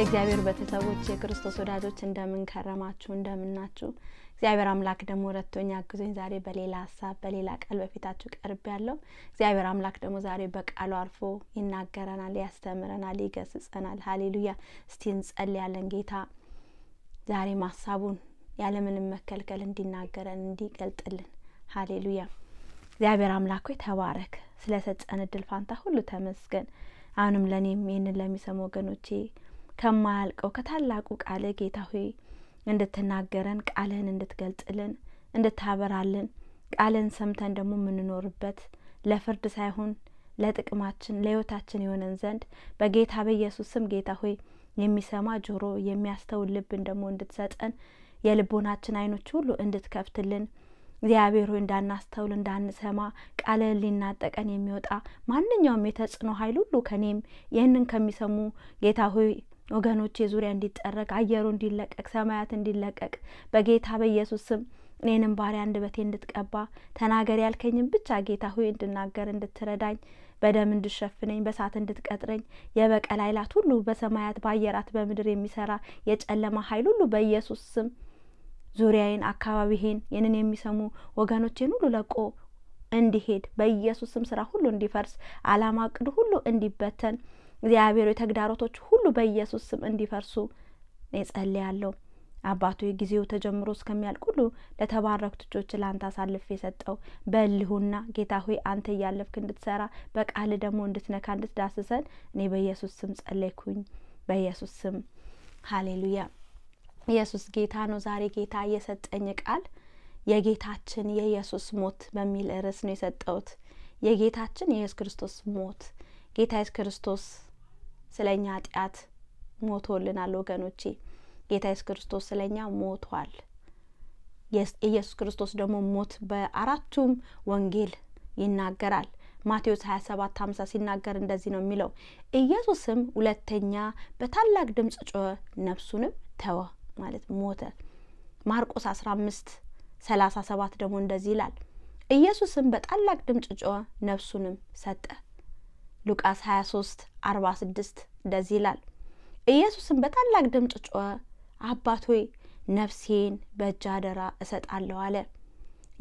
የእግዚአብሔር ቤተሰቦች የክርስቶስ ወዳጆች እንደምንከረማችሁ እንደምናችሁ። እግዚአብሔር አምላክ ደግሞ ረቶኝ አግዞኝ ዛሬ በሌላ ሀሳብ በሌላ ቃል በፊታችሁ ቀርብ ያለው እግዚአብሔር አምላክ ደግሞ ዛሬ በቃሉ አልፎ ይናገረናል፣ ያስተምረናል፣ ይገስጸናል። ሀሌሉያ። እስቲ እንጸልያለን። ጌታ ዛሬ ማሳቡን ያለምንም መከልከል እንዲናገረን እንዲገልጥልን። ሀሌሉያ። እግዚአብሔር አምላክ ሆይ ተባረክ። ስለ ሰጠን እድል ፋንታ ሁሉ ተመስገን። አሁንም ለእኔም ይህንን ለሚሰሙ ወገኖቼ ከማያልቀው ከታላቁ ቃል ጌታ ሆይ እንድትናገረን ቃልህን እንድትገልጽልን እንድታበራልን ቃልን ሰምተን ደግሞ የምንኖርበት ለፍርድ ሳይሆን ለጥቅማችን ለህይወታችን የሆነን ዘንድ በጌታ በኢየሱስ ስም ጌታ ሆይ የሚሰማ ጆሮ የሚያስተውል ልብን ደግሞ እንድትሰጠን የልቦናችን አይኖች ሁሉ እንድትከፍትልን እግዚአብሔር ሆይ እንዳናስተውል እንዳንሰማ ቃልህን ሊናጠቀን የሚወጣ ማንኛውም የተጽዕኖ ኃይል ሁሉ ከኔም ይህንን ከሚሰሙ ጌታ ሆይ ወገኖቼ ዙሪያ እንዲጠረግ፣ አየሩ እንዲለቀቅ፣ ሰማያት እንዲለቀቅ በጌታ በኢየሱስ ስም እኔንም ባሪያ አንደበቴ እንድትቀባ ተናገር ያልከኝም ብቻ ጌታ ሆይ እንድናገር እንድትረዳኝ በደም እንድሸፍነኝ በሳት እንድትቀጥረኝ የበቀል ኃይላት ሁሉ በሰማያት በአየራት በምድር የሚሰራ የጨለማ ኃይል ሁሉ በኢየሱስ ስም ዙሪያዬን፣ አካባቢዬን፣ ይህንን የሚሰሙ ወገኖቼን ሁሉ ለቆ እንዲሄድ በኢየሱስ ስም ስራ ሁሉ እንዲፈርስ፣ አላማ ሁሉ እንዲበተን እግዚአብሔር የተግዳሮቶች ሁሉ በኢየሱስ ስም እንዲፈርሱ እጸልያለሁ። አባቱ የጊዜው ተጀምሮ እስከሚያልቅ ሁሉ ለተባረኩት እጆች ለአንተ አሳልፍ የሰጠው በልሁና ጌታ ሆይ አንተ እያለፍክ እንድትሰራ በቃል ደግሞ እንድትነካ እንድትዳስሰን እኔ በኢየሱስ ስም ጸለይኩኝ። በኢየሱስ ስም ሀሌሉያ። ኢየሱስ ጌታ ነው። ዛሬ ጌታ የሰጠኝ ቃል የጌታችን የኢየሱስ ሞት በሚል ርዕስ ነው የሰጠውት። የጌታችን የኢየሱስ ክርስቶስ ሞት ጌታ ኢየሱስ ክርስቶስ ስለ እኛ ኃጢአት ሞቶልናል። ወገኖቼ ጌታ ኢየሱስ ክርስቶስ ስለ እኛ ሞቷል። ኢየሱስ ክርስቶስ ደግሞ ሞት በአራቱም ወንጌል ይናገራል። ማቴዎስ 27 50 ሲናገር እንደዚህ ነው የሚለው፣ ኢየሱስም ሁለተኛ በታላቅ ድምፅ ጮኸ፣ ነፍሱንም ተወ ማለት ሞተ። ማርቆስ 15 37 ደግሞ እንደዚህ ይላል፣ ኢየሱስም በታላቅ ድምፅ ጮኸ፣ ነፍሱንም ሰጠ። ሉቃስ 23 46 እንደዚህ ይላል። ኢየሱስም በታላቅ ድምፅ ጮኸ፣ አባት ሆይ ነፍሴን በእጅ አደራ እሰጣለሁ አለ።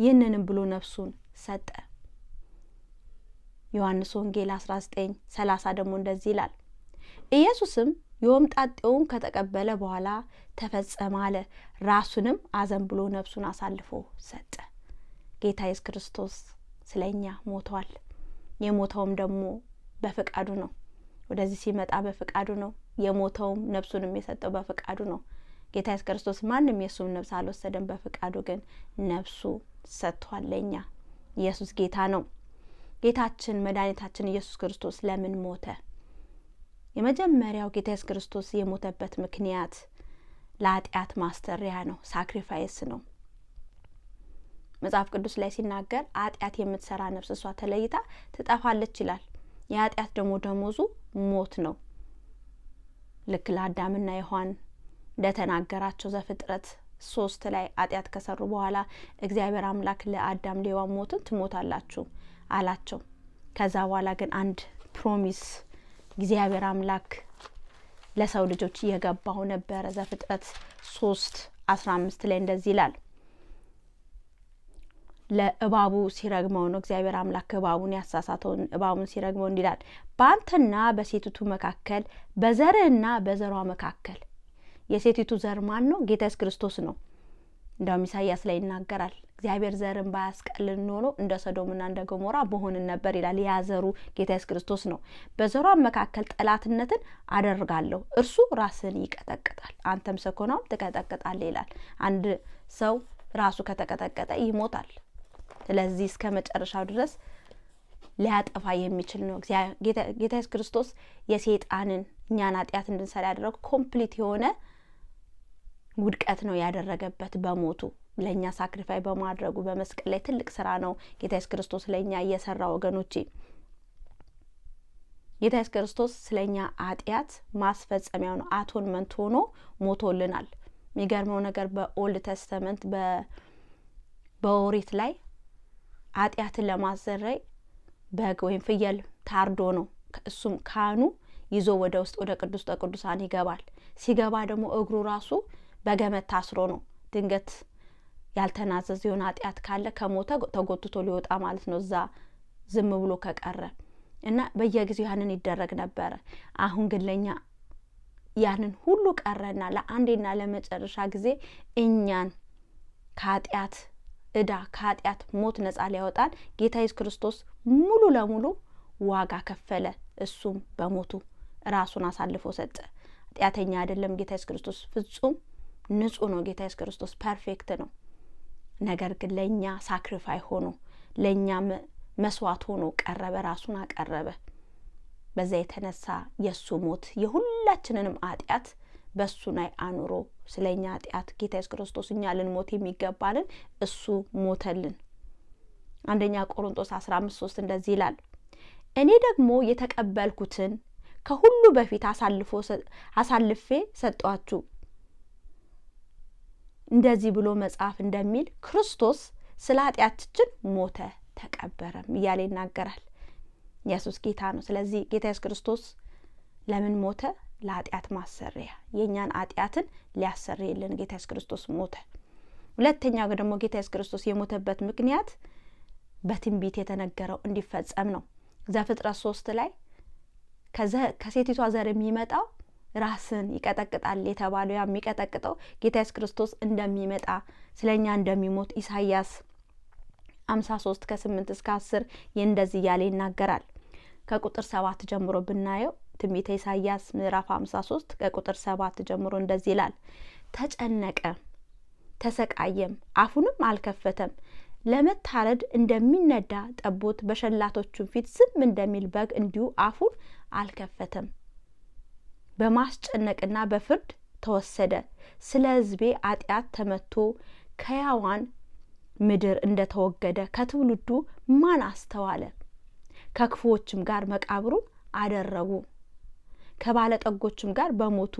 ይህንንም ብሎ ነፍሱን ሰጠ። ዮሐንስ ወንጌል 19 30 ደግሞ እንደዚህ ይላል። ኢየሱስም የሆምጣጤውን ከተቀበለ በኋላ ተፈጸመ አለ። ራሱንም አዘን ብሎ ነፍሱን አሳልፎ ሰጠ። ጌታ ኢየሱስ ክርስቶስ ስለ እኛ ሞቷል። የሞተውም ደግሞ በፍቃዱ ነው። ወደዚህ ሲመጣ በፍቃዱ ነው። የሞተውም ነፍሱንም የሰጠው በፍቃዱ ነው። ጌታ ኢየሱስ ክርስቶስ ማንም የእሱም ነፍስ አልወሰደም። በፍቃዱ ግን ነፍሱ ሰጥቷል ለእኛ። ኢየሱስ ጌታ ነው። ጌታችን መድኃኒታችን ኢየሱስ ክርስቶስ ለምን ሞተ? የመጀመሪያው ጌታ ኢየሱስ ክርስቶስ የሞተበት ምክንያት ለኃጢአት ማስተሪያ ነው፣ ሳክሪፋይስ ነው። መጽሐፍ ቅዱስ ላይ ሲናገር ኃጢአት የምትሰራ ነፍስ እሷ ተለይታ ትጠፋለች ይላል። የኃጢአት ደግሞ ደሞዙ ሞት ነው። ልክ ለአዳምና ሔዋን እንደተናገራቸው ዘፍጥረት ሶስት ላይ ኃጢአት ከሰሩ በኋላ እግዚአብሔር አምላክ ለአዳም ሔዋን ሞትን ትሞታላችሁ አላቸው። ከዛ በኋላ ግን አንድ ፕሮሚስ እግዚአብሔር አምላክ ለሰው ልጆች እየገባው ነበረ። ዘፍጥረት ሶስት አስራ አምስት ላይ እንደዚህ ይላል ለእባቡ ሲረግመው ነው። እግዚአብሔር አምላክ እባቡን ያሳሳተውን እባቡን ሲረግመው እንዲላል በአንተና በሴቲቱ መካከል በዘርህና በዘሯ መካከል የሴቲቱ ዘር ማን ነው? ጌታስ ክርስቶስ ነው። እንዳውም ኢሳያስ ላይ ይናገራል። እግዚአብሔር ዘርን ባያስቀልን ኖሮ እንደ ሰዶምና እንደ ገሞራ በሆንን ነበር ይላል። ያ ዘሩ ጌታ ኢየሱስ ክርስቶስ ነው። በዘሯ መካከል ጠላትነትን አደርጋለሁ፣ እርሱ ራስን ይቀጠቅጣል፣ አንተም ሰኮናም ትቀጠቅጣል ይላል። አንድ ሰው ራሱ ከተቀጠቀጠ ይሞታል። ስለዚህ እስከ መጨረሻው ድረስ ሊያጠፋ የሚችል ነው። ጌታ ኢየሱስ ክርስቶስ የሴጣንን እኛን ኃጢአት እንድንሰራ ያደረገው ኮምፕሊት የሆነ ውድቀት ነው ያደረገበት በሞቱ ለእኛ ሳክሪፋይ በማድረጉ በመስቀል ላይ ትልቅ ስራ ነው ጌታ ኢየሱስ ክርስቶስ ለእኛ እየሰራ ወገኖቼ። ጌታ ኢየሱስ ክርስቶስ ስለ እኛ ኃጢአት ማስፈጸሚያ ነው፣ አቶንመንት ሆኖ ሞቶልናል። የሚገርመው ነገር በኦልድ ተስተመንት በኦሪት ላይ ኃጢአትን ለማዘረይ በግ ወይም ፍየል ታርዶ ነው። እሱም ካህኑ ይዞ ወደ ውስጥ ወደ ቅድስተ ቅዱሳን ይገባል። ሲገባ ደግሞ እግሩ ራሱ በገመድ ታስሮ ነው። ድንገት ያልተናዘዘ የሆነ ኃጢአት ካለ ከሞተ ተጎትቶ ሊወጣ ማለት ነው እዛ ዝም ብሎ ከቀረ እና በየጊዜው ያንን ይደረግ ነበረ። አሁን ግን ለእኛ ያንን ሁሉ ቀረና ለአንዴና ለመጨረሻ ጊዜ እኛን ከኃጢአት እዳ ከኃጢአት ሞት ነፃ ሊያወጣን ጌታ ኢየሱስ ክርስቶስ ሙሉ ለሙሉ ዋጋ ከፈለ። እሱም በሞቱ ራሱን አሳልፎ ሰጠ። ኃጢአተኛ አይደለም ጌታ ኢየሱስ ክርስቶስ፣ ፍጹም ንጹህ ነው ጌታ ኢየሱስ ክርስቶስ፣ ፐርፌክት ነው። ነገር ግን ለእኛ ሳክሪፋይ ሆኖ ለእኛ መስዋዕት ሆኖ ቀረበ፣ ራሱን አቀረበ። በዛ የተነሳ የእሱ ሞት የሁላችንንም ኃጢአት በእሱ ላይ አኑሮ ስለ እኛ ኃጢአት ጌታ ኢየሱስ ክርስቶስ እኛ ልንሞት የሚገባልን እሱ ሞተልን። አንደኛ ቆሮንጦስ አስራ አምስት ሶስት እንደዚህ ይላል እኔ ደግሞ የተቀበልኩትን ከሁሉ በፊት አሳልፌ ሰጧችሁ። እንደዚህ ብሎ መጽሐፍ እንደሚል ክርስቶስ ስለ ኃጢአታችን ሞተ ተቀበረም እያለ ይናገራል። ኢየሱስ ጌታ ነው። ስለዚህ ጌታ ኢየሱስ ክርስቶስ ለምን ሞተ? ለኃጢአት ማሰሪያ የእኛን ኃጢአትን ሊያሰርየልን ጌታ ኢየሱስ ክርስቶስ ሞተ። ሁለተኛው ደግሞ ጌታ ኢየሱስ ክርስቶስ የሞተበት ምክንያት በትንቢት የተነገረው እንዲፈጸም ነው። ዘፍጥረት ሶስት ላይ ከሴቲቷ ዘር የሚመጣው ራስን ይቀጠቅጣል የተባለው ያ የሚቀጠቅጠው ጌታ ኢየሱስ ክርስቶስ እንደሚመጣ ስለ እኛ እንደሚሞት ኢሳይያስ አምሳ ሶስት ከስምንት እስከ አስር ይህ እንደዚህ እያለ ይናገራል። ከቁጥር ሰባት ጀምሮ ብናየው ትንቢተ ኢሳይያስ ምዕራፍ 53 ከቁጥር 7 ጀምሮ እንደዚህ ይላል። ተጨነቀ፣ ተሰቃየም፣ አፉንም አልከፈተም። ለመታረድ እንደሚነዳ ጠቦት በሸላቶቹ ፊት ዝም እንደሚል በግ እንዲሁ አፉን አልከፈተም። በማስጨነቅና በፍርድ ተወሰደ። ስለ ሕዝቤ አጢአት ተመቶ ከያዋን ምድር እንደተወገደ ከትውልዱ ማን አስተዋለ? ከክፉዎችም ጋር መቃብሩን አደረጉ። ከባለጠጎችም ጋር በሞቱ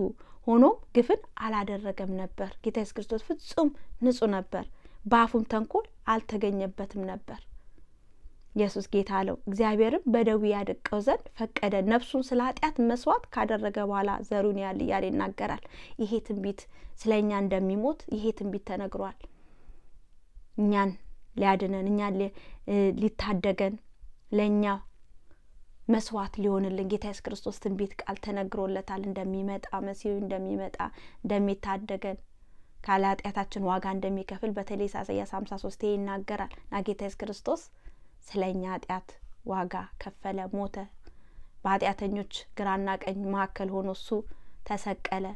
ሆኖም ግፍን አላደረገም ነበር። ጌታ ኢየሱስ ክርስቶስ ፍጹም ንጹህ ነበር፣ በአፉም ተንኮል አልተገኘበትም ነበር። ኢየሱስ ጌታ አለው። እግዚአብሔርም በደዌ ያደቀው ዘንድ ፈቀደ። ነፍሱን ስለ ኃጢአት መስዋዕት ካደረገ በኋላ ዘሩን ያል እያለ ይናገራል። ይሄ ትንቢት ስለ እኛ እንደሚሞት ይሄ ትንቢት ተነግሯል። እኛን ሊያድነን እኛን ሊታደገን ለእኛ መስዋዕት ሊሆንልን ጌታ ኢየሱስ ክርስቶስ ትንቢት ቃል ተነግሮለታል። እንደሚመጣ መሲሁ እንደሚመጣ እንደሚታደገን ካለ ኃጢአታችን ዋጋ እንደሚከፍል በተለይ ኢሳይያስ ሀምሳ ሶስት ይናገራል ና ጌታ ኢየሱስ ክርስቶስ ስለ እኛ ኃጢአት ዋጋ ከፈለ፣ ሞተ። በኃጢአተኞች ግራና ቀኝ መካከል ሆኖ እሱ ተሰቀለ፣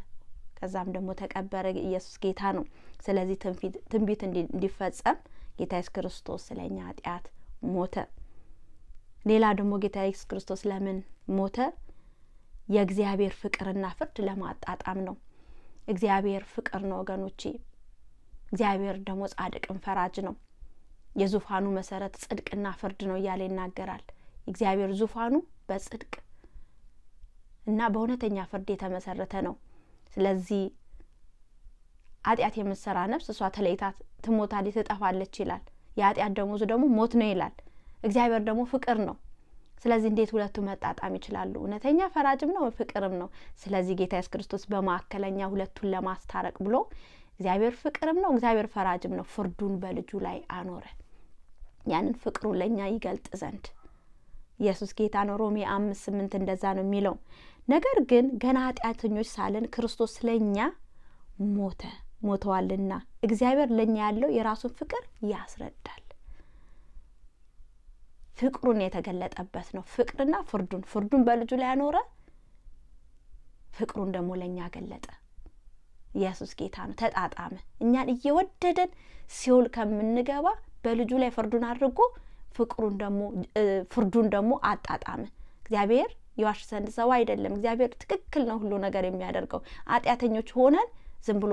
ከዛም ደግሞ ተቀበረ። ኢየሱስ ጌታ ነው። ስለዚህ ትንቢት እንዲፈጸም ጌታ ኢየሱስ ክርስቶስ ስለ እኛ ኃጢአት ሞተ። ሌላ ደግሞ ጌታ ኢየሱስ ክርስቶስ ለምን ሞተ? የእግዚአብሔር ፍቅርና ፍርድ ለማጣጣም ነው። እግዚአብሔር ፍቅር ነው ወገኖቼ። እግዚአብሔር ደግሞ ጻድቅን ፈራጅ ነው። የዙፋኑ መሰረት ጽድቅና ፍርድ ነው እያለ ይናገራል። እግዚአብሔር ዙፋኑ በጽድቅ እና በእውነተኛ ፍርድ የተመሰረተ ነው። ስለዚህ ኃጢአት የምትሰራ ነፍስ እሷ ተለይታ ትሞታለች፣ ትጠፋለች ይላል። የኃጢአት ደሞዙ ደግሞ ሞት ነው ይላል። እግዚአብሔር ደግሞ ፍቅር ነው። ስለዚህ እንዴት ሁለቱ መጣጣም ይችላሉ? እውነተኛ ፈራጅም ነው ፍቅርም ነው። ስለዚህ ጌታ ኢየሱስ ክርስቶስ በመካከለኛ ሁለቱን ለማስታረቅ ብሎ እግዚአብሔር ፍቅርም ነው፣ እግዚአብሔር ፈራጅም ነው። ፍርዱን በልጁ ላይ አኖረ፣ ያንን ፍቅሩን ለእኛ ይገልጥ ዘንድ ኢየሱስ ጌታ ነው። ሮሜ አምስት ስምንት እንደዛ ነው የሚለው። ነገር ግን ገና ኃጢአተኞች ሳለን ክርስቶስ ለእኛ ሞተ ሞተዋልና እግዚአብሔር ለእኛ ያለው የራሱን ፍቅር ያስረዳል። ፍቅሩን የተገለጠበት ነው። ፍቅርና ፍርዱን ፍርዱን በልጁ ላይ ያኖረ ፍቅሩን ደግሞ ለእኛ ገለጠ። ኢየሱስ ጌታ ነው። ተጣጣመ። እኛን እየወደደን ሲውል ከምንገባ በልጁ ላይ ፍርዱን አድርጎ ፍቅሩን ደግሞ ፍርዱን ደግሞ አጣጣመ። እግዚአብሔር የዋሽ ዘንድ ሰው አይደለም። እግዚአብሔር ትክክል ነው ሁሉ ነገር የሚያደርገው። አጢአተኞች ሆነን ዝም ብሎ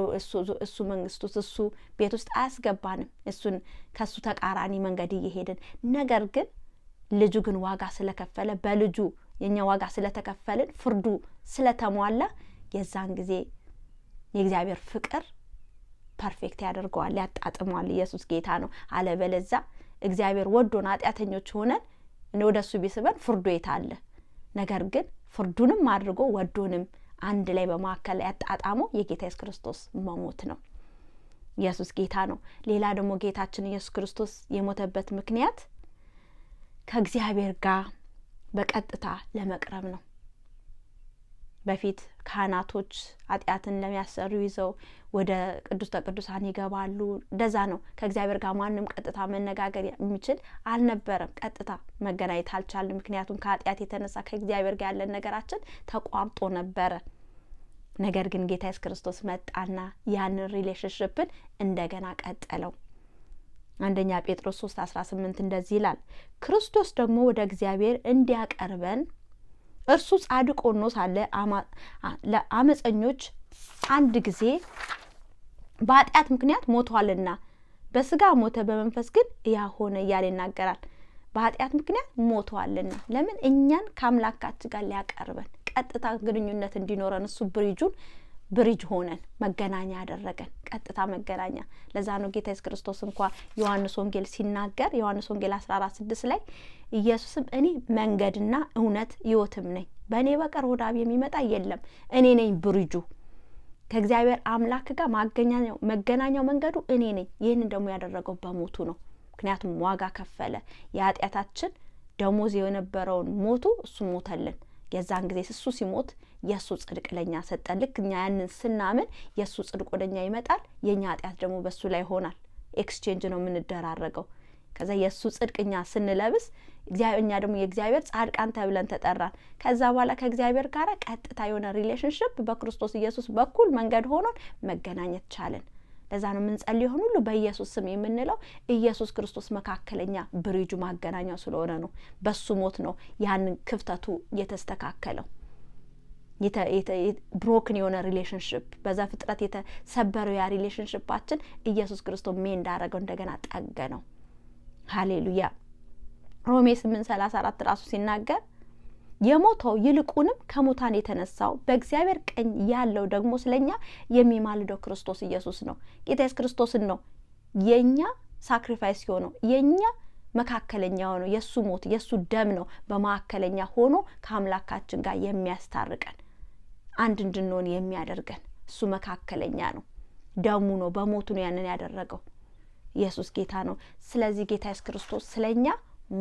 እሱ መንግስት ውስጥ እሱ ቤት ውስጥ አያስገባንም። እሱን ከእሱ ተቃራኒ መንገድ እየሄድን ነገር ግን ልጁ ግን ዋጋ ስለከፈለ በልጁ የእኛ ዋጋ ስለተከፈልን ፍርዱ ስለተሟላ የዛን ጊዜ የእግዚአብሔር ፍቅር ፐርፌክት ያደርገዋል፣ ያጣጥመዋል። ኢየሱስ ጌታ ነው። አለበለዛ እግዚአብሔር ወዶን ኃጢአተኞች ሆነን ወደ እሱ ቢስበን ፍርዱ የት አለ? ነገር ግን ፍርዱንም አድርጎ ወዶንም አንድ ላይ በመካከል ያጣጣመው የጌታ ኢየሱስ ክርስቶስ መሞት ነው። ኢየሱስ ጌታ ነው። ሌላ ደግሞ ጌታችን ኢየሱስ ክርስቶስ የሞተበት ምክንያት ከእግዚአብሔር ጋር በቀጥታ ለመቅረብ ነው። በፊት ካህናቶች ኃጢአትን ለሚያሰሩ ይዘው ወደ ቅዱስተ ቅዱሳን ይገባሉ። እንደዛ ነው። ከእግዚአብሔር ጋር ማንም ቀጥታ መነጋገር የሚችል አልነበረም። ቀጥታ መገናኘት አልቻለም። ምክንያቱም ከኃጢአት የተነሳ ከእግዚአብሔር ጋር ያለን ነገራችን ተቋርጦ ነበረ። ነገር ግን ጌታ ኢየሱስ ክርስቶስ መጣና ያንን ሪሌሽንሽፕን እንደገና ቀጠለው። አንደኛ ጴጥሮስ 3 18 እንደዚህ ይላል፣ ክርስቶስ ደግሞ ወደ እግዚአብሔር እንዲያቀርበን እርሱ ጻድቅ ሆኖ ሳለ ለአመፀኞች አንድ ጊዜ በኃጢአት ምክንያት ሞቷልና በስጋ ሞተ፣ በመንፈስ ግን ያ ሆነ እያለ ይናገራል። በኃጢአት ምክንያት ሞቷልና ለምን እኛን ከአምላካችን ጋር ሊያቀርበን ቀጥታ ግንኙነት እንዲኖረን እሱ ብሪጁን ብሪጅ ሆነን መገናኛ ያደረገን ቀጥታ መገናኛ። ለዛ ነው ጌታ ኢየሱስ ክርስቶስ እንኳ ዮሐንስ ወንጌል ሲናገር ዮሐንስ ወንጌል አስራ አራት ስድስት ላይ ኢየሱስም እኔ መንገድና እውነት ሕይወትም ነኝ፣ በእኔ በቀር ወደ አብ የሚመጣ የለም፣ እኔ ነኝ ብሪጁ ከእግዚአብሔር አምላክ ጋር መገናኛው መንገዱ እኔ ነኝ። ይህንን ደግሞ ያደረገው በሞቱ ነው። ምክንያቱም ዋጋ ከፈለ የኃጢአታችን ደሞዝ የነበረውን ሞቱ እሱ ሞተልን። የዛን ጊዜ እሱ ሲሞት የእሱ ጽድቅ ለእኛ ሰጠን። ልክ እኛ ያንን ስናምን የእሱ ጽድቅ እኛ ይመጣል፣ የእኛ ኃጢአት ደግሞ በእሱ ላይ ይሆናል። ኤክስቼንጅ ነው የምንደራረገው። ከዛ የእሱ ጽድቅ እኛ ስንለብስ እኛ ደግሞ የእግዚአብሔር ጻድቃን ተብለን ተጠራን። ከዛ በኋላ ከእግዚአብሔር ጋር ቀጥታ የሆነ ሪሌሽንሽፕ በክርስቶስ ኢየሱስ በኩል መንገድ ሆኖን መገናኘት ቻለን። ለዛ ነው የምንጸልይ የሆን ሁሉ በኢየሱስ ስም የምንለው። ኢየሱስ ክርስቶስ መካከለኛ ብሪጁ ማገናኛው ስለሆነ ነው። በሱ ሞት ነው ያንን ክፍተቱ የተስተካከለው። ብሮክን የሆነ ሪሌሽንሽፕ በዛ ፍጥረት የተሰበረው ያ ሪሌሽንሽፓችን ኢየሱስ ክርስቶስ ሜ እንዳረገው እንደገና ጠገ ነው። ሀሌሉያ ሮሜ ስምንት ሰላሳ አራት ራሱ ሲናገር የሞተው ይልቁንም ከሙታን የተነሳው በእግዚአብሔር ቀኝ ያለው ደግሞ ስለኛ የሚማልደው ክርስቶስ ኢየሱስ ነው። ጌታ ኢየሱስ ክርስቶስን ነው የእኛ ሳክሪፋይስ የሆነው የእኛ መካከለኛ የሆነው የእሱ ሞት የእሱ ደም ነው በመካከለኛ ሆኖ ከአምላካችን ጋር የሚያስታርቀን። አንድ እንድንሆን የሚያደርገን እሱ መካከለኛ ነው። ደሙ ነው፣ በሞቱ ነው ያንን ያደረገው። ኢየሱስ ጌታ ነው። ስለዚህ ጌታ ኢየሱስ ክርስቶስ ስለኛ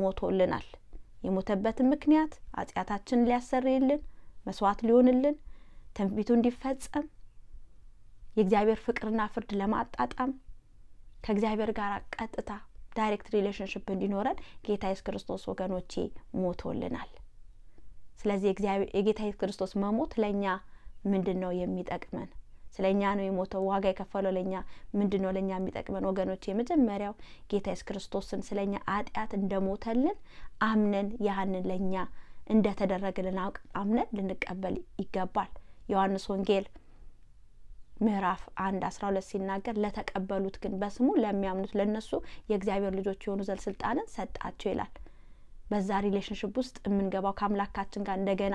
ሞቶልናል። የሞተበትን ምክንያት ኃጢአታችንን ሊያሰርይልን፣ መስዋዕት ሊሆንልን፣ ትንቢቱ እንዲፈጸም የእግዚአብሔር ፍቅርና ፍርድ ለማጣጣም ከእግዚአብሔር ጋር ቀጥታ ዳይሬክት ሪሌሽንሽፕ እንዲኖረን ጌታ ኢየሱስ ክርስቶስ ወገኖቼ ሞቶልናል። ስለዚህ የጌታ ኢየሱስ ክርስቶስ መሞት ለእኛ ምንድን ነው የሚጠቅመን? ስለ እኛ ነው የሞተው። ዋጋ የከፈለው ለእኛ ምንድን ነው ለእኛ የሚጠቅመን? ወገኖች፣ የመጀመሪያው ጌታ ኢየሱስ ክርስቶስን ስለ እኛ አጢአት እንደ ሞተልን አምነን ያህንን ለእኛ እንደ ተደረገልን አውቅ አምነን ልንቀበል ይገባል። ዮሐንስ ወንጌል ምዕራፍ አንድ አስራ ሁለት ሲናገር ለተቀበሉት ግን በስሙ ለሚያምኑት ለእነሱ የእግዚአብሔር ልጆች የሆኑ ዘንድ ስልጣንን ሰጣቸው ይላል። በዛ ሪሌሽንሽፕ ውስጥ የምንገባው ከአምላካችን ጋር እንደገና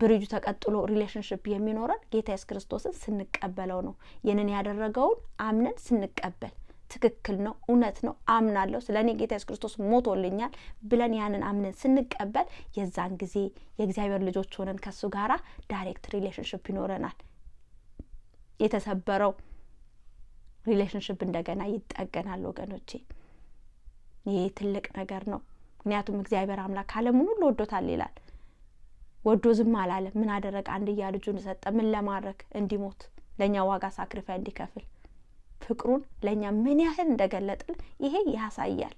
ብርጁ ተቀጥሎ ሪሌሽንሽፕ የሚኖረን ጌታ ኢየሱስ ክርስቶስን ስንቀበለው ነው። ይህንን ያደረገውን አምነን ስንቀበል ትክክል ነው፣ እውነት ነው፣ አምናለሁ፣ ስለ እኔ ጌታ ኢየሱስ ክርስቶስ ሞቶልኛል ብለን ያንን አምነን ስንቀበል የዛን ጊዜ የእግዚአብሔር ልጆች ሆነን ከእሱ ጋራ ዳይሬክት ሪሌሽንሽፕ ይኖረናል። የተሰበረው ሪሌሽንሽፕ እንደገና ይጠገናል። ወገኖቼ ይሄ ትልቅ ነገር ነው። ምክንያቱም እግዚአብሔር አምላክ ዓለሙን ሁሉ ወዶታል ይላል። ወዶ ዝም አላለ። ምን አደረገ? አንድያ ልጁን ሰጠ። ምን ለማድረግ? እንዲሞት ለእኛ ዋጋ ሳክሪፋይ እንዲከፍል ፍቅሩን ለእኛ ምን ያህል እንደገለጥን ይሄ ያሳያል።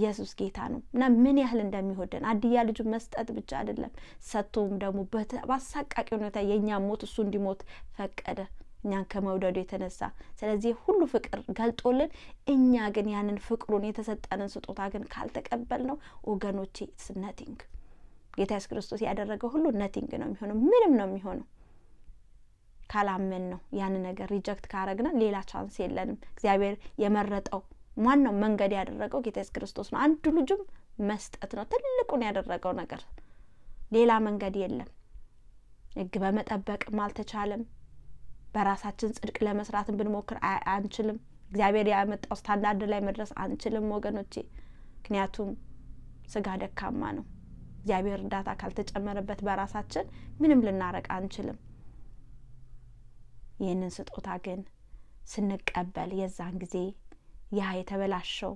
ኢየሱስ ጌታ ነው እና ምን ያህል እንደሚወደን አንድያ ልጁ መስጠት ብቻ አይደለም፣ ሰጥቶም ደግሞ በአሳቃቂ ሁኔታ የእኛ ሞት እሱ እንዲሞት ፈቀደ። እኛን ከመውደዱ የተነሳ ስለዚህ ሁሉ ፍቅር ገልጦልን፣ እኛ ግን ያንን ፍቅሩን የተሰጠንን ስጦታ ግን ካልተቀበል ነው ወገኖቼ ነቲንግ ጌታ ኢየሱስ ክርስቶስ ያደረገው ሁሉ ነቲንግ ነው የሚሆነው፣ ምንም ነው የሚሆነው። ካላመን ነው ያን ነገር ሪጀክት ካረግነ ሌላ ቻንስ የለንም። እግዚአብሔር የመረጠው ዋናው መንገድ ያደረገው ጌታ ኢየሱስ ክርስቶስ ነው። አንዱ ልጁም መስጠት ነው ትልቁን ያደረገው ነገር፣ ሌላ መንገድ የለም። ህግ በመጠበቅም አልተቻለም። በራሳችን ጽድቅ ለመስራትን ብንሞክር አንችልም። እግዚአብሔር ያመጣው ስታንዳርድ ላይ መድረስ አንችልም ወገኖቼ። ምክንያቱም ስጋ ደካማ ነው። እግዚአብሔር እርዳታ ካልተጨመረበት በራሳችን ምንም ልናረቅ አንችልም። ይህንን ስጦታ ግን ስንቀበል የዛን ጊዜ ያ የተበላሸው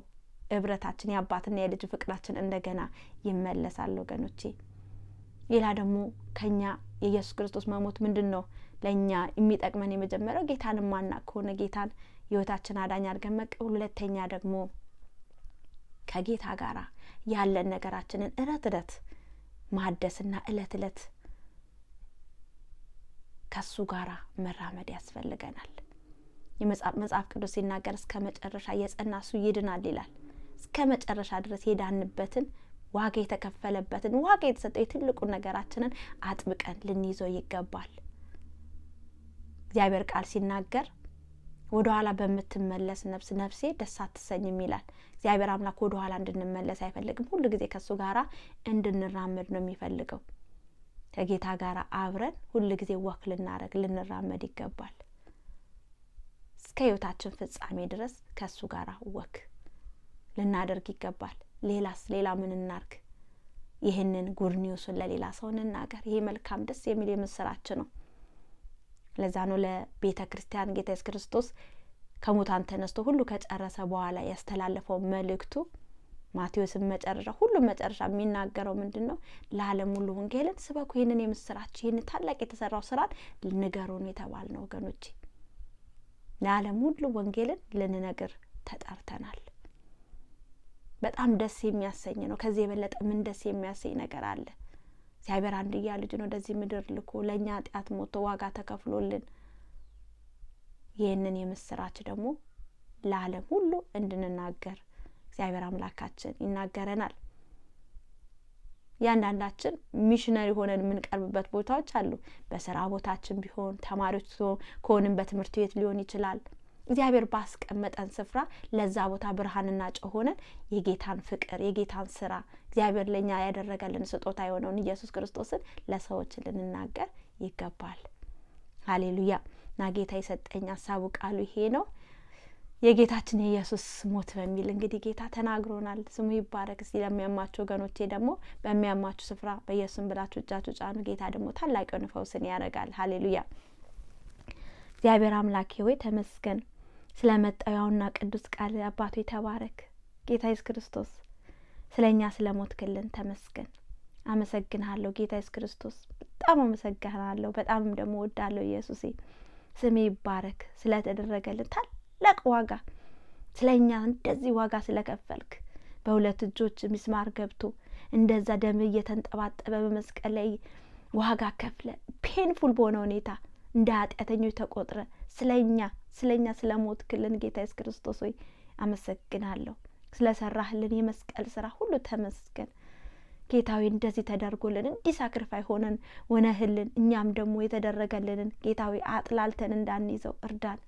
እብረታችን የአባትና የልጅ ፍቅራችን እንደገና ይመለሳል ወገኖቼ። ሌላ ደግሞ ከኛ የኢየሱስ ክርስቶስ መሞት ምንድን ነው ለእኛ የሚጠቅመን የመጀመሪያው ጌታን ማናቅ ከሆነ ጌታን ህይወታችን አዳኝ አድርገን መቀበል፣ ሁለተኛ ደግሞ ከጌታ ጋር ያለን ነገራችንን እለት እለት ማደስና እለት እለት ከሱ ጋር መራመድ ያስፈልገናል። መጽሐፍ ቅዱስ ሲናገር እስከ መጨረሻ የጸና እሱ ይድናል ይላል። እስከ መጨረሻ ድረስ የዳንበትን ዋጋ የተከፈለበትን ዋጋ የተሰጠው የትልቁን ነገራችንን አጥብቀን ልንይዘው ይገባል። እግዚአብሔር ቃል ሲናገር ወደ ኋላ በምትመለስ ነፍስ ነፍሴ ደስ አትሰኝም ይላል። እግዚአብሔር አምላክ ወደ ኋላ እንድንመለስ አይፈልግም። ሁሉ ጊዜ ከእሱ ጋራ እንድንራመድ ነው የሚፈልገው። ከጌታ ጋር አብረን ሁሉ ጊዜ ወክ ልናደረግ ልንራመድ ይገባል። እስከ ህይወታችን ፍጻሜ ድረስ ከእሱ ጋር ወክ ልናደርግ ይገባል። ሌላስ ሌላ ምን እናርግ? ይህንን ጉድ ኒውሱን ለሌላ ሰው እንናገር። ይሄ መልካም ደስ የሚል የምስራች ነው። ለዛ ነው ለቤተ ክርስቲያን ጌታ ኢየሱስ ክርስቶስ ከሙታን ተነስቶ ሁሉ ከጨረሰ በኋላ ያስተላለፈው መልእክቱ ማቴዎስን መጨረሻ ሁሉም መጨረሻ የሚናገረው ምንድን ነው? ለዓለም ሁሉ ወንጌልን ስበኩ፣ ይህንን የምስራች፣ ይህን ታላቅ የተሰራው ስራን ንገሩን የተባል ነው ወገኖች ለዓለም ሁሉ ወንጌልን ልንነግር ተጠርተናል። በጣም ደስ የሚያሰኝ ነው። ከዚህ የበለጠ ምን ደስ የሚያሰኝ ነገር አለ? እግዚአብሔር አንድያ ልጁን ወደዚህ ምድር ልኮ ለእኛ ኃጢአት ሞቶ ዋጋ ተከፍሎልን ይህንን የምስራች ደግሞ ለዓለም ሁሉ እንድንናገር እግዚአብሔር አምላካችን ይናገረናል። እያንዳንዳችን ሚሽነሪ ሆነን የምንቀርብበት ቦታዎች አሉ። በስራ ቦታችን ቢሆን ተማሪዎች ከሆንን በትምህርት ቤት ሊሆን ይችላል። እግዚአብሔር ባስቀመጠን ስፍራ ለዛ ቦታ ብርሃንና ጨው ሆነን የጌታን ፍቅር የጌታን ስራ እግዚአብሔር ለእኛ ያደረገልን ስጦታ የሆነውን ኢየሱስ ክርስቶስን ለሰዎች ልንናገር ይገባል። ሀሌሉያ ና ጌታ የሰጠኝ ሀሳቡ ቃሉ ይሄ ነው። የጌታችን የኢየሱስ ሞት በሚል እንግዲህ ጌታ ተናግሮናል። ስሙ ይባረክ። እስቲ ለሚያማቸው ወገኖቼ ደግሞ በሚያማችሁ ስፍራ በኢየሱስም ብላችሁ እጃችሁ ጫኑ። ጌታ ደግሞ ታላቅ የሆነ ፈውስን ያደርጋል። ሀሌሉያ። እግዚአብሔር አምላኬ ሆይ ተመስገን። ስለ መጠሪያውና ቅዱስ ቃል አባቶ የተባረክ ጌታ ኢየሱስ ክርስቶስ ስለ እኛ ስለ ሞት ተመስገን። አመሰግናለሁ ጌታ ኢየሱስ ክርስቶስ በጣም አመሰግናለሁ። በጣም ደግሞ ወዳለሁ ኢየሱሴ ስሜ ይባረክ ስለተደረገልን ታላቅ ዋጋ ስለ እኛ እንደዚህ ዋጋ ስለከፈልክ በሁለት እጆች ሚስማር ገብቶ እንደዛ ደም እየተንጠባጠበ በመስቀል ላይ ዋጋ ከፍለ ፔንፉል በሆነ ሁኔታ እንደ ኃጢአተኞች ተቆጥረ ስለ እኛ ስለ እኛ ስለ ሞትክልን ጌታ ኢየሱስ ክርስቶስ ሆይ አመሰግናለሁ። ስለ ሰራህልን የመስቀል ስራ ሁሉ ተመስገን። ጌታዊ እንደዚህ ተደርጎልን እንዲህ ሳክሪፋይ ሆነን ሆነህልን እኛም ደግሞ የተደረገልንን ጌታዊ አጥላልተን እንዳንይዘው እርዳን።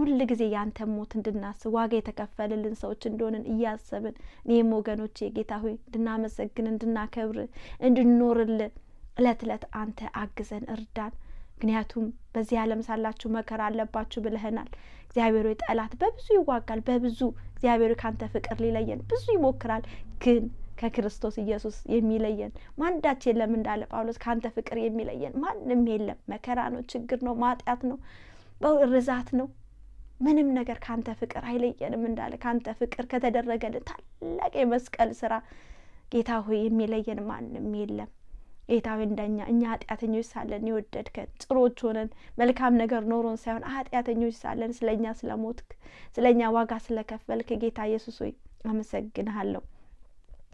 ሁል ጊዜ ያንተ ሞት እንድናስብ ዋጋ የተከፈልልን ሰዎች እንደሆንን እያሰብን እኔም ወገኖቼ ጌታ ሆይ እንድናመሰግን፣ እንድናከብር፣ እንድንኖርል እለት እለት አንተ አግዘን እርዳን። ምክንያቱም በዚህ ዓለም ሳላችሁ መከራ አለባችሁ ብለህናል። እግዚአብሔር ጠላት በብዙ ይዋጋል፣ በብዙ እግዚአብሔር ካንተ ፍቅር ሊለየን ብዙ ይሞክራል ግን ከክርስቶስ ኢየሱስ የሚለየን ማንዳች የለም እንዳለ ጳውሎስ። ከአንተ ፍቅር የሚለየን ማንም የለም። መከራ ነው፣ ችግር ነው፣ ማጥያት ነው፣ ርዛት ነው። ምንም ነገር ከአንተ ፍቅር አይለየንም እንዳለ ከአንተ ፍቅር ከተደረገልን ታላቅ የመስቀል ስራ ጌታ ሆይ የሚለየን ማንም የለም። ጌታዊ እንደኛ እኛ ኃጢአተኞች ሳለን የወደድከን ጥሮች ሆነን መልካም ነገር ኖሮን ሳይሆን ኃጢአተኞች ሳለን ስለ እኛ ስለ ሞትክ ስለ እኛ ዋጋ ስለ ከፈልክ ጌታ ኢየሱስ ሆይ አመሰግንሃለሁ።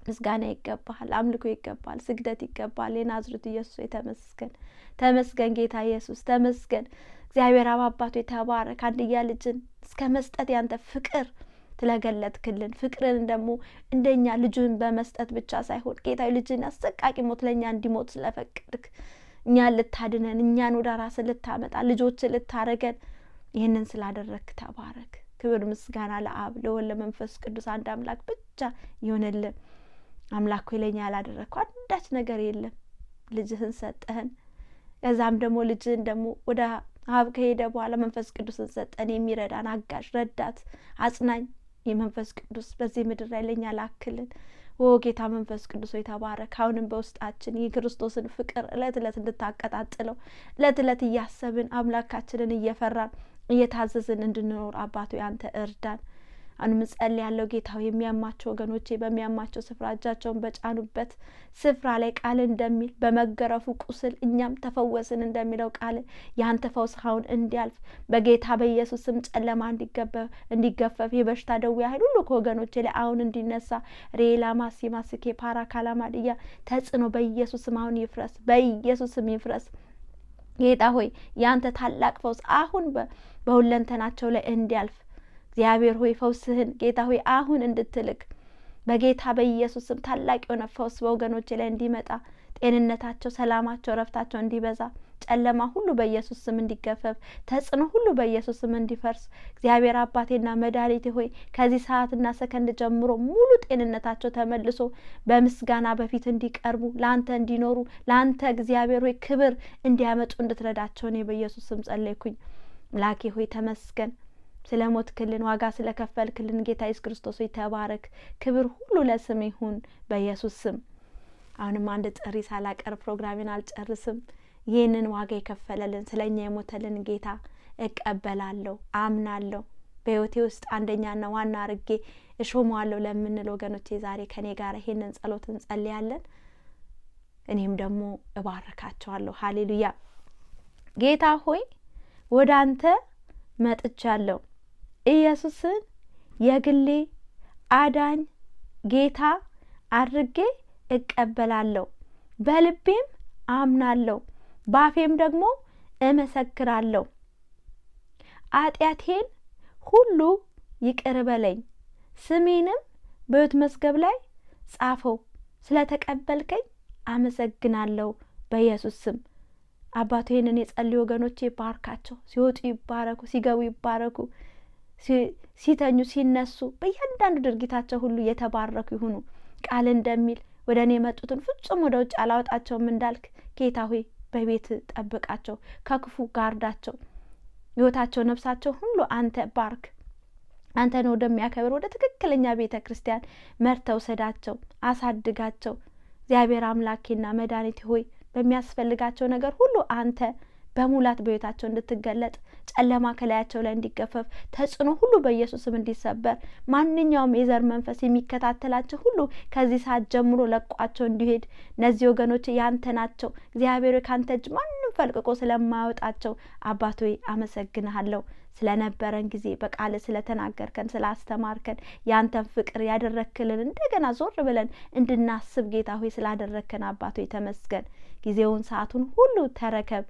ምስጋና ይገባሃል፣ አምልኮ ይገባል፣ ስግደት ይገባል። የናዝሩት ኢየሱስ ሆይ ተመስገን፣ ተመስገን ጌታ ኢየሱስ ተመስገን። እግዚአብሔር አብ አባቱ የተባረክ አንድያ ልጅን እስከ መስጠት ያንተ ፍቅር ስለገለጥክልን ፍቅርን ደግሞ እንደኛ ልጁን በመስጠት ብቻ ሳይሆን ጌታዊ ልጅን አሰቃቂ ሞት ለእኛ እንዲሞት ስለፈቀድክ እኛን ልታድነን እኛን ወደ ራስ ልታመጣ ልጆች ልታረገን ይህንን ስላደረግክ ተባረክ። ክብር ምስጋና ለአብ ለወልድ ለመንፈስ ቅዱስ አንድ አምላክ ብቻ ይሆንልን። አምላክ ሆይ ለእኛ ያላደረግከው አንዳች ነገር የለም። ልጅህን ሰጠህን። ከዛም ደግሞ ልጅህን ደግሞ ወደ አብ ከሄደ በኋላ መንፈስ ቅዱስን ሰጠን፣ የሚረዳን አጋዥ፣ ረዳት፣ አጽናኝ የመንፈስ ቅዱስ በዚህ ምድር ላይ ለእኛ ላክልን። ኦ ጌታ መንፈስ ቅዱስ ሆይ ተባረክ። አሁንም በውስጣችን የክርስቶስን ፍቅር እለት እለት እንድታቀጣጥለው እለት እለት እያሰብን አምላካችንን እየፈራን እየታዘዝን እንድንኖር አባቶ ያንተ እርዳን። አሁንም ጸል ያለው ጌታው የሚያማቸው ወገኖቼ በሚያማቸው ስፍራ እጃቸውን በጫኑበት ስፍራ ላይ ቃል እንደሚል በመገረፉ ቁስል እኛም ተፈወስን እንደሚለው ቃል ያንተ ፈውስ አሁን እንዲያልፍ በጌታ በኢየሱስ ስም ጨለማ እንዲገፈፍ የበሽታ ደዌ ያህል ሁሉ ከወገኖቼ ላይ አሁን እንዲነሳ ሬላ ማሲማ ስኬ ፓራ ካላማድያ ተጽዕኖ በኢየሱስ ስም አሁን ይፍረስ፣ በኢየሱስ ስም ይፍረስ። ጌታ ሆይ ያንተ ታላቅ ፈውስ አሁን በሁለንተናቸው ላይ እንዲያልፍ እግዚአብሔር ሆይ ፈውስህን ጌታ ሆይ አሁን እንድትልክ በጌታ ስም ታላቅ የሆነ ፈውስ በወገኖች ላይ እንዲመጣ ጤንነታቸው፣ ሰላማቸው፣ እረፍታቸው እንዲበዛ ጨለማ ሁሉ በኢየሱስ ስም እንዲገፈፍ ተጽዕኖ ሁሉ በኢየሱስ ስም እንዲፈርስ እግዚአብሔር አባቴና መድኃኒቴ ሆይ ከዚህ ሰዓትና ሰከንድ ጀምሮ ሙሉ ጤንነታቸው ተመልሶ በምስጋና በፊት እንዲቀርቡ ለአንተ እንዲኖሩ ለአንተ እግዚአብሔር ሆይ ክብር እንዲያመጡ እንድትረዳቸው እኔ በኢየሱስ ስም ጸለይኩኝ። ላኬ ሆይ ተመስገን። ስለ ክልን ዋጋ ስለ ክልን ጌታ ኢየሱስ ክርስቶስ ሆይ ተባረክ። ክብር ሁሉ ለስም ይሁን በኢየሱስ ስም። አሁንም አንድ ጥሪ ሳላቀር ፕሮግራሜን አልጨርስም። ይህንን ዋጋ የከፈለልን ስለ እኛ የሞተልን ጌታ እቀበላለሁ፣ አምናለሁ። በህይወቴ ውስጥ አንደኛና ዋና አርጌ እሾመዋለሁ ለምንል ወገኖቼ ዛሬ ከእኔ ጋር ይህንን ጸሎት እንጸልያለን። እኔም ደግሞ እባርካቸዋለሁ። ሀሌሉያ። ጌታ ሆይ ወደ አንተ መጥቻለሁ። ኢየሱስን የግሌ አዳኝ ጌታ አድርጌ እቀበላለሁ። በልቤም አምናለሁ፣ ባፌም ደግሞ እመሰክራለሁ። ኃጢአቴን ሁሉ ይቅር በለኝ፣ ስሜንም በሕይወት መዝገብ ላይ ጻፈው። ተቀበልከኝ አመሰግናለሁ በኢየሱስ ስም። አባቱ ይህንን የጸልዩ ወገኖቼ ባርካቸው፣ ሲወጡ ይባረኩ፣ ሲገቡ ይባረኩ። ሲተኙ፣ ሲነሱ፣ በእያንዳንዱ ድርጊታቸው ሁሉ የተባረኩ ይሁኑ። ቃል እንደሚል ወደ እኔ የመጡትን ፍጹም ወደ ውጭ አላወጣቸውም እንዳልክ ጌታ ሆይ በቤት ጠብቃቸው፣ ከክፉ ጋርዳቸው። ህይወታቸው ነፍሳቸው ሁሉ አንተ ባርክ። አንተን ወደሚያከብር ወደ ትክክለኛ ቤተ ክርስቲያን መርተው ሰዳቸው አሳድጋቸው። እግዚአብሔር አምላኬና መድኃኒቴ ሆይ በሚያስፈልጋቸው ነገር ሁሉ አንተ በሙላት በቤታቸው እንድትገለጥ ጨለማ ከላያቸው ላይ እንዲገፈፍ ተጽዕኖ ሁሉ በኢየሱስም እንዲሰበር ማንኛውም የዘር መንፈስ የሚከታተላቸው ሁሉ ከዚህ ሰዓት ጀምሮ ለቋቸው እንዲሄድ እነዚህ ወገኖች ያንተ ናቸው። እግዚአብሔር ካንተ እጅ ማንም ፈልቅቆ ስለማያወጣቸው አባቶ አመሰግንሃለሁ ስለነበረን ጊዜ በቃል ስለተናገርከን ስላስተማርከን ያንተን ፍቅር ያደረክልን እንደገና ዞር ብለን እንድናስብ ጌታ ሆይ ስላደረከን አባቶ ተመስገን። ጊዜውን ሰዓቱን ሁሉ ተረከብ።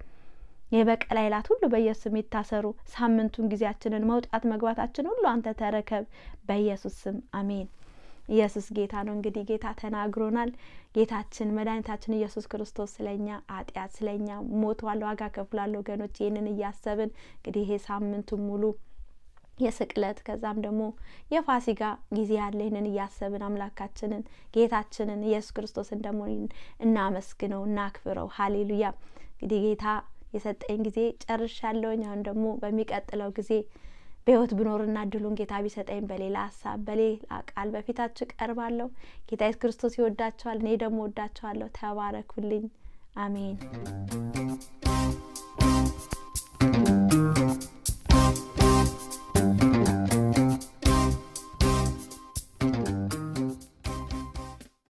የበቀል ኃይላት ሁሉ በኢየሱስ ስም ይታሰሩ። ሳምንቱን ጊዜያችንን መውጣት መግባታችን ሁሉ አንተ ተረከብ፣ በኢየሱስ ስም አሜን። ኢየሱስ ጌታ ነው። እንግዲህ ጌታ ተናግሮናል። ጌታችን መድኃኒታችን ኢየሱስ ክርስቶስ ስለኛ ኃጢአት ስለኛ ሞቷል፣ ዋጋ ከፍሏል። ወገኖች ይህንን እያሰብን እንግዲህ ይሄ ሳምንቱን ሙሉ የስቅለት ከዛም ደግሞ የፋሲጋ ጊዜ ያለ ይህንን እያሰብን አምላካችንን ጌታችንን ኢየሱስ ክርስቶስን ደግሞ እናመስግነው፣ እናክብረው። ሀሌሉያ እንግዲህ ጌታ የሰጠኝ ጊዜ ጨርሻለሁኝ። አሁን ደግሞ በሚቀጥለው ጊዜ በህይወት ብኖርና እድሉን ጌታ ቢሰጠኝ በሌላ ሀሳብ በሌላ ቃል በፊታችሁ ቀርባለሁ። ጌታ ኢየሱስ ክርስቶስ ይወዳችኋል፣ እኔ ደግሞ ወዳችኋለሁ። ተባረኩልኝ። አሜን።